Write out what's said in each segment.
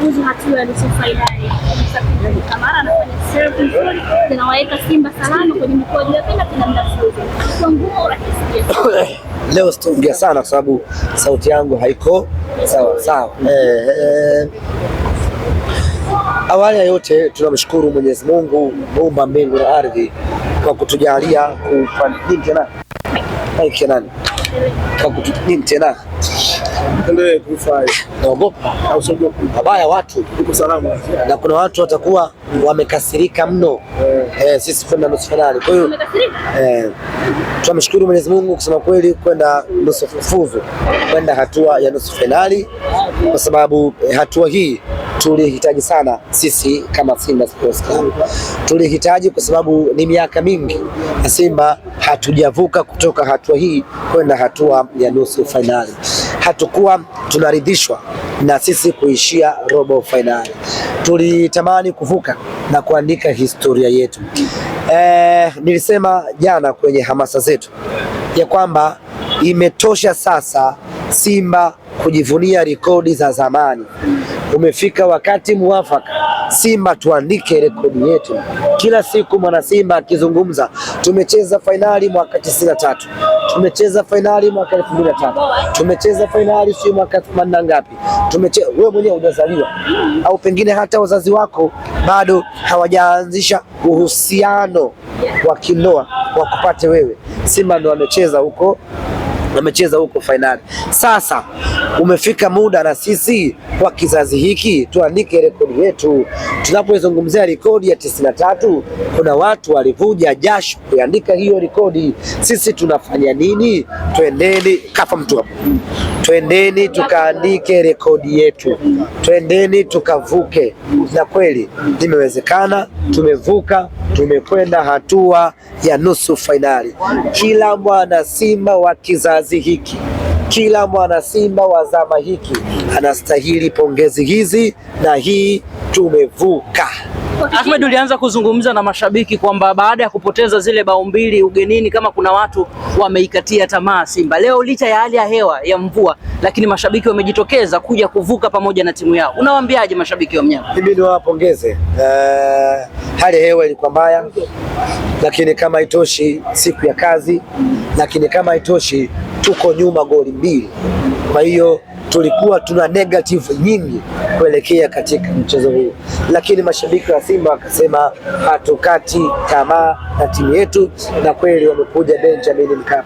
wanafunzi hatua ya nusu fainali. Kamara anafanya serve nzuri, zinawaweka Simba salama kwenye mkoa mikono ya penda kina mnafunzi kwa nguo rahisi. Leo sitaongea sana kwa sababu sauti yangu haiko sawa sawa. Eh, eh, awali ya yote tunamshukuru Mwenyezi Mungu muumba mbingu na ardhi kwa kutujalia nini tena kwa kutujalia nini tena mabaya watu na kuna watu watakuwa wamekasirika mno yeah. Eh, sisi kwenda nusu fainali. Kwa hiyo eh, tunamshukuru Mwenyezi Mungu kusema kweli, kwenda nusu fufuzu, kwenda hatua ya nusu fainali, kwa sababu eh, hatua hii tulihitaji sana sisi kama Simba Sports Club, tulihitaji kwa sababu ni miaka mingi na Simba hatujavuka kutoka hatua hii kwenda hatua ya nusu fainali. Hatukuwa tunaridhishwa na sisi kuishia robo fainali, tulitamani kuvuka na kuandika historia yetu. E, nilisema jana kwenye hamasa zetu ya kwamba imetosha sasa Simba kujivunia rekodi za zamani. Umefika wakati muafaka, Simba tuandike rekodi yetu. Kila siku mwana Simba akizungumza, tumecheza fainali mwaka tisini na tatu tumecheza fainali mwaka elfu mbili na tumecheza fainali sio mwaka themanini na ngapi, tumeche wewe mwenyewe hujazaliwa, au pengine hata wazazi wako bado hawajaanzisha uhusiano wa kindoa kupate wewe. Simba ndo amecheza huko amecheza huko fainali. Sasa umefika muda na sisi kwa kizazi hiki tuandike rekodi yetu. tunapozungumzia rekodi ya tisini na tatu, kuna watu walivuja jasho kuandika hiyo rekodi. Sisi tunafanya nini? Twendeni kafa mtu hapo, twendeni tukaandike rekodi yetu, twendeni tukavuke. Na kweli limewezekana, tumevuka, tumekwenda hatua ya nusu fainali. Kila mwana Simba wa kizazi kizazi hiki, kila mwana Simba wa zama hiki anastahili pongezi hizi, na hii tumevuka. Ahmed, ulianza kuzungumza na mashabiki kwamba baada ya kupoteza zile bao mbili ugenini, kama kuna watu wameikatia tamaa Simba leo, licha ya hali ya hewa ya mvua, lakini mashabiki wamejitokeza kuja kuvuka pamoja na timu yao. Unawaambiaje mashabiki wa mnyama? Ibidi wawapongeze. Uh, eh, hali ya hewa ilikuwa mbaya, lakini kama itoshi siku ya kazi, lakini kama haitoshi, tuko nyuma goli mbili. Kwa hiyo tulikuwa tuna negative nyingi kuelekea katika mchezo huu, lakini mashabiki wa Simba wakasema hatukati tamaa na timu yetu, na kweli wamekuja Benjamin Mkapa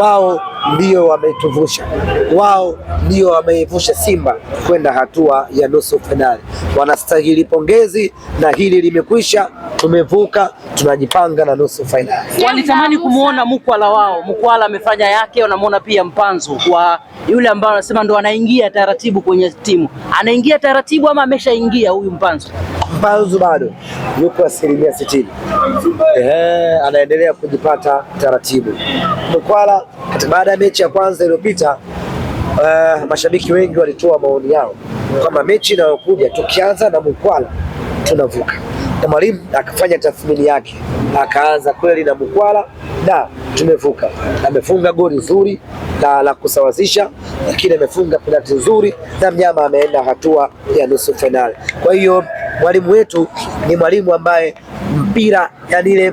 wao ndio wametuvusha, wao ndio wameivusha Simba kwenda hatua ya nusu fainali. Wanastahili pongezi, na hili limekwisha. Tumevuka, tunajipanga na nusu fainali. Walitamani kumwona mkwala wao, mkwala amefanya yake, wanamuona pia Mpanzu wa yule ambaye anasema ndo anaingia taratibu kwenye timu, anaingia taratibu ama ameshaingia huyu Mpanzu? Mpanzu bado yuko asilimia sitini. Ehe, anaendelea kujipata taratibu. mkwala baada mechi ya kwanza iliyopita uh, mashabiki wengi walitoa maoni yao kwamba mechi inayokuja tukianza na Mkwala tunavuka na mwalimu akafanya tathmini yake, akaanza kweli na Mkwala na tumevuka. Amefunga goli zuri na la kusawazisha, lakini amefunga penalti nzuri na mnyama ameenda hatua ya nusu fainali. Kwa hiyo mwalimu wetu ni mwalimu ambaye mpira yani ile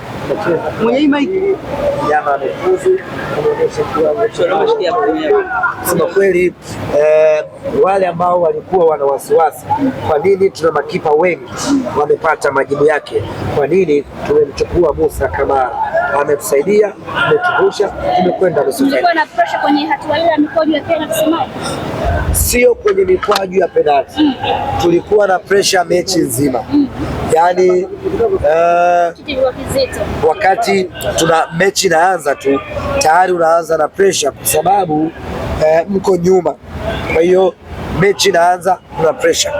mwenye hii jana amefuzu kweli. Eh, wale ambao walikuwa wana wasiwasi, kwa nini tuna makipa wengi, wamepata majibu yake. Kwa nini tumemchukua Musa Kamara? Ametusaidia, ametuvusha, tumekwenda nusu sio kwenye mikwaju ya penalti, mm. tulikuwa na presha mechi nzima mm yani uh, eh, wakati tuna mechi inaanza tu tayari unaanza na pressure kwa sababu uh, mko nyuma, kwa hiyo mechi inaanza una pressure,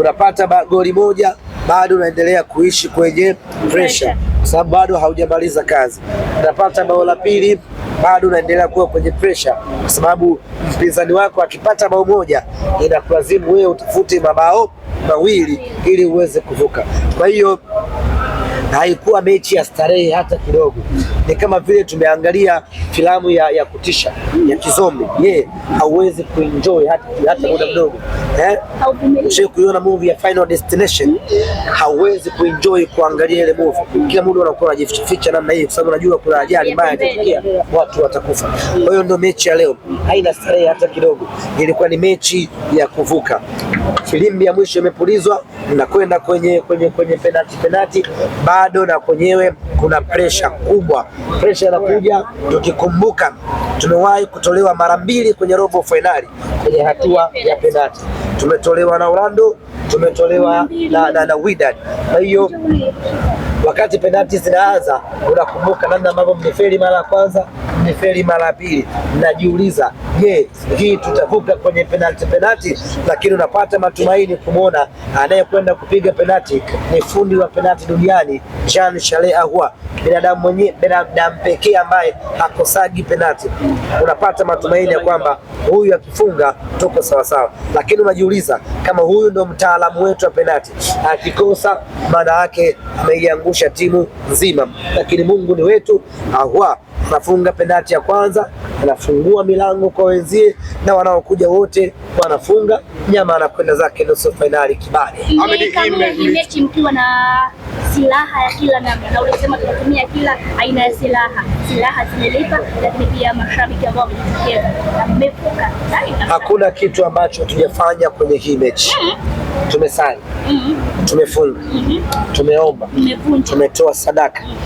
unapata goli moja bado unaendelea kuishi kwenye pressure, kwa sababu bado haujamaliza kazi, unapata bao la pili bado unaendelea kuwa kwenye pressure, kwa sababu mpinzani wako akipata bao moja inakulazimu wewe utafute mabao mawili ili uweze kuvuka. Kwa hiyo haikuwa mechi ya starehe hata kidogo ni kama vile tumeangalia filamu ya, ya kutisha ya kizombi ye yeah. Hauwezi kuenjoy hata, hata muda mdogo eh? Ushe kuiona movie ya Final Destination, hauwezi kuenjoy kuangalia ile movie, kila muda anakuwa anajificha namna hii, kwa sababu anajua kuna ajali mbaya itatokea, watu watakufa. Kwa hiyo ndio mechi ya leo haina starehe hata kidogo, ilikuwa ni mechi ya kuvuka filimbi ya mwisho imepulizwa na kwenda kwenye, kwenye, kwenye penalti penalti, bado na kwenyewe kuna presha kubwa. Presha inakuja tukikumbuka tumewahi kutolewa mara mbili kwenye robo fainali kwenye hatua ya penati Tumetolewa na Orlando, tumetolewa na, na, na Wydad. Kwa hiyo wakati penati zinaanza, unakumbuka namna ambavyo mmefeli mara ya kwanza feri mara ya pili, najiuliza je, hii tutavuka kwenye penalti penalti? Lakini unapata matumaini kumwona anayekwenda kupiga penalti ni fundi wa penalti duniani Jean Charles Ahoua, binadamu mwenye binadamu pekee ambaye hakosagi penalti. Unapata matumaini ya kwamba huyu akifunga tuko sawasawa, lakini unajiuliza kama huyu ndo mtaalamu wetu wa penalti, akikosa maana yake ameiangusha timu nzima. Lakini Mungu ni wetu Ahoua tunafunga penati ya kwanza, anafungua milango kwa wenzie na wanaokuja wote wanafunga nyama, anakwenda zake nusu fainali kibali. Hii mechi mkiwa na silaha ya kila namna, na ulisema tunatumia kila aina ya silaha, silaha zimelipa, lakini pia mashabiki ambao wamejitokeza wamepuka. Hakuna kitu ambacho tujafanya kwenye hii mechi mm Tumesali mm Tumefunga mm -hmm. Tumeomba mm Tumetoa sadaka mm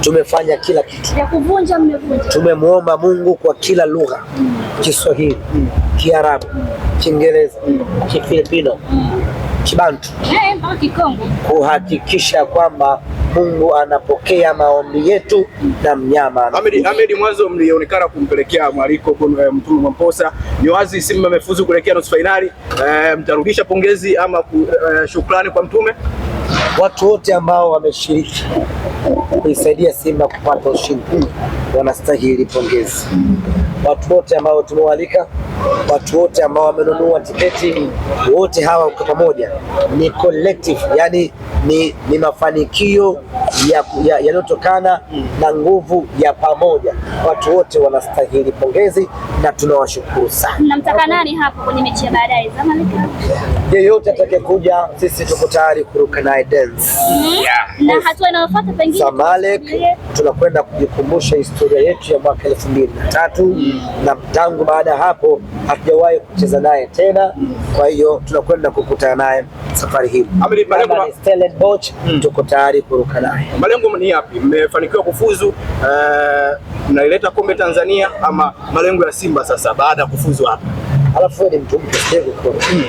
tumefanya kila kitu ya kuvunja mmevunja. Tumemwomba Mungu kwa kila lugha mm. Kiswahili mm. Kiarabu mm. Kiingereza mm. Kifilipino mm. Kibantu eh, kuhakikisha kwamba Mungu anapokea maombi yetu na mnyama. Ahmed, Ahmed mwanzo mlionekana kumpelekea mwaliko eh, Mtumi Mwamposa. Ni wazi Simba amefuzu kuelekea nusu fainali. E, eh, mtarudisha pongezi ama e, shukrani kwa Mtume? watu wote ambao wameshiriki kuisaidia Simba kupata ushindi wanastahili pongezi. Watu wote ambao tumewalika, watu wote ambao wamenunua tiketi, wote hawa kwa pamoja ni collective, yani ni, ni mafanikio yaliyotokana ya, ya na nguvu ya pamoja. Watu wote wanastahili pongezi na tunawashukuru sana. Namtaka nani hapo kwenye mechi ya baadaye? Zamalek yeyote atakayekuja, sisi tuko tayari kuruka naye dance. Mm-hmm. Na hatua inayofuata pengine Zamalek tunakwenda kujikumbusha historia yetu ya mwaka elfu mbili na tatu mm. na tangu baada ya hapo hatujawahi kucheza naye tena mm. kwa hiyo tunakwenda kukutana naye safari hii Stellenbosch, mm. tuko tayari kuruka naye malengo ni yapi? Mmefanikiwa kufuzu uh, mnaileta kombe Tanzania, ama malengo ya Simba sasa baada ya kufuzu hapa? Alafu ni mtu mpya kwa hmm.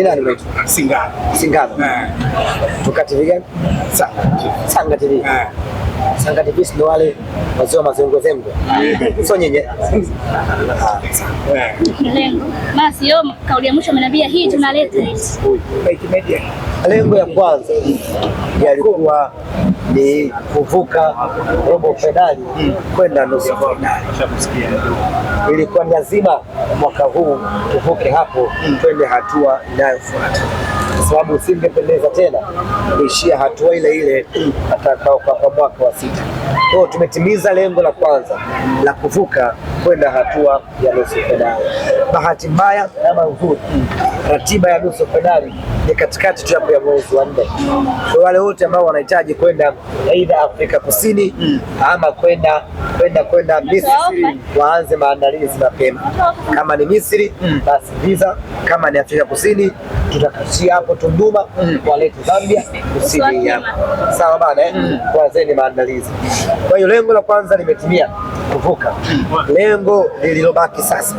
ila ni mtu? Singano Singano eh. tukati vigan? Sanga Sanga TV Eh. Sanga TV ndio wale wazee wa mazengo zengo, sio nyenye eh. malengo. Basi yo kauli ya mwisho amenambia hii tunaleta lengo ya kwanza yalikuwa ni kuvuka robo fainali kwenda nusu fainali. Ilikuwa ni lazima mwaka huu tuvuke hapo twende hatua inayofuata kwa sababu singependeza tena kuishia hatua ile ile kwa mwaka wa sita. Kwa hiyo tumetimiza lengo la kwanza la kuvuka kwenda hatua ya nusu fainali bahati mbaya ama uzuri, ratiba ya nusu fainali ni katikati tu hapo ya mwezi wa nne. Kwa wale wote ambao wanahitaji kwenda aidha Afrika Kusini ama kwenda kwenda kwenda Misri, waanze maandalizi mapema. Kama ni Misri, basi visa. Kama ni Afrika Kusini, tutakatia hapo Tunduma, walete Zambia kusini hapo, sawa bana, wazeni eh? maandalizi. Kwa hiyo lengo la kwanza limetimia kuvuka. Lengo lililobaki sasa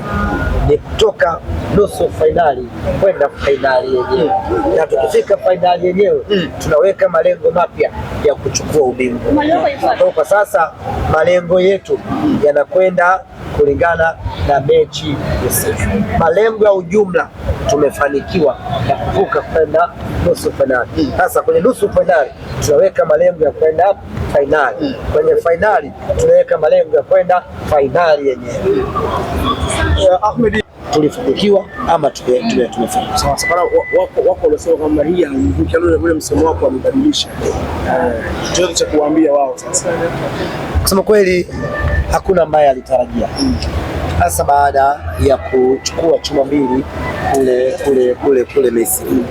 ni kutoka nusu fainali kwenda fainali yenyewe, na tukifika fainali yenyewe tunaweka malengo mapya ya kuchukua ubingwa. Kwa sasa malengo yetu yanakwenda kulingana na mechi sasa. Malengo ya ujumla tumefanikiwa na kuvuka kwenda nusu fainali. Sasa kwenye nusu fainali tunaweka malengo ya kwenda fainali, kwenye fainali tunaweka malengo ya kwenda fainali yenyewe. Eh, Ahmed, tulifanikiwa ama hmm. tumefanikiwa? Sawa sawa, wako wanasema kwamba hii ule msemo wako amebadilisha, chochote eh, cha kuwaambia wao sasa? Kusema kweli hakuna ambaye alitarajia, hasa baada ya kuchukua chuma mbili kule kule kule kule Misri.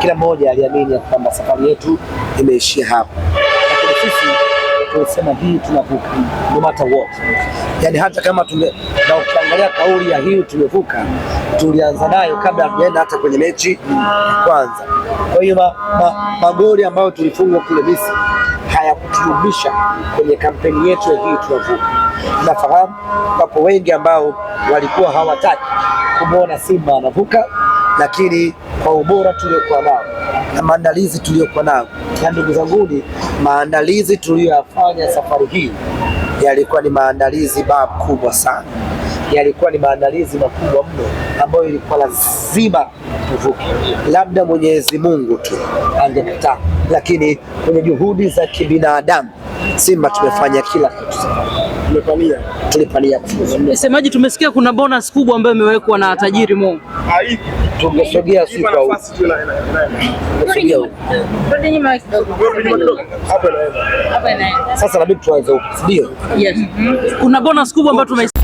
Kila mmoja aliamini ya kwamba safari yetu imeishia hapo, lakini sisi tulisema hii tunavuka no matter what, yani hata kama tule, na ukiangalia kauli ya hii tumevuka tulianza nayo kabla hatujaenda hata kwenye mechi ya kwanza. Kwa hiyo magoli ambayo tulifungwa kule Messi hayakuturudisha kwenye kampeni yetu ya hii tunavuka. Nafahamu wapo wengi ambao walikuwa hawataki kumwona Simba anavuka, lakini kwa ubora tuliokuwa nao na maandalizi tuliyokuwa nao na ndugu zanguni, maandalizi tuliyoyafanya safari hii yalikuwa ni maandalizi babu kubwa sana yalikuwa ni maandalizi makubwa mno ambayo ilikuwa lazima tuvuke. Labda Mwenyezi Mungu tu angekutaka, lakini kwenye juhudi za kibinadamu Simba tumefanya kila kitu, tulipania kufuzu. tumesikia kuna bonus kubwa ambayo imewekwa na tajiri Mungu. Tungesogea siku sasa, labda tuanze huko, ndio kuna bonus kubwa ambayo tumesikia.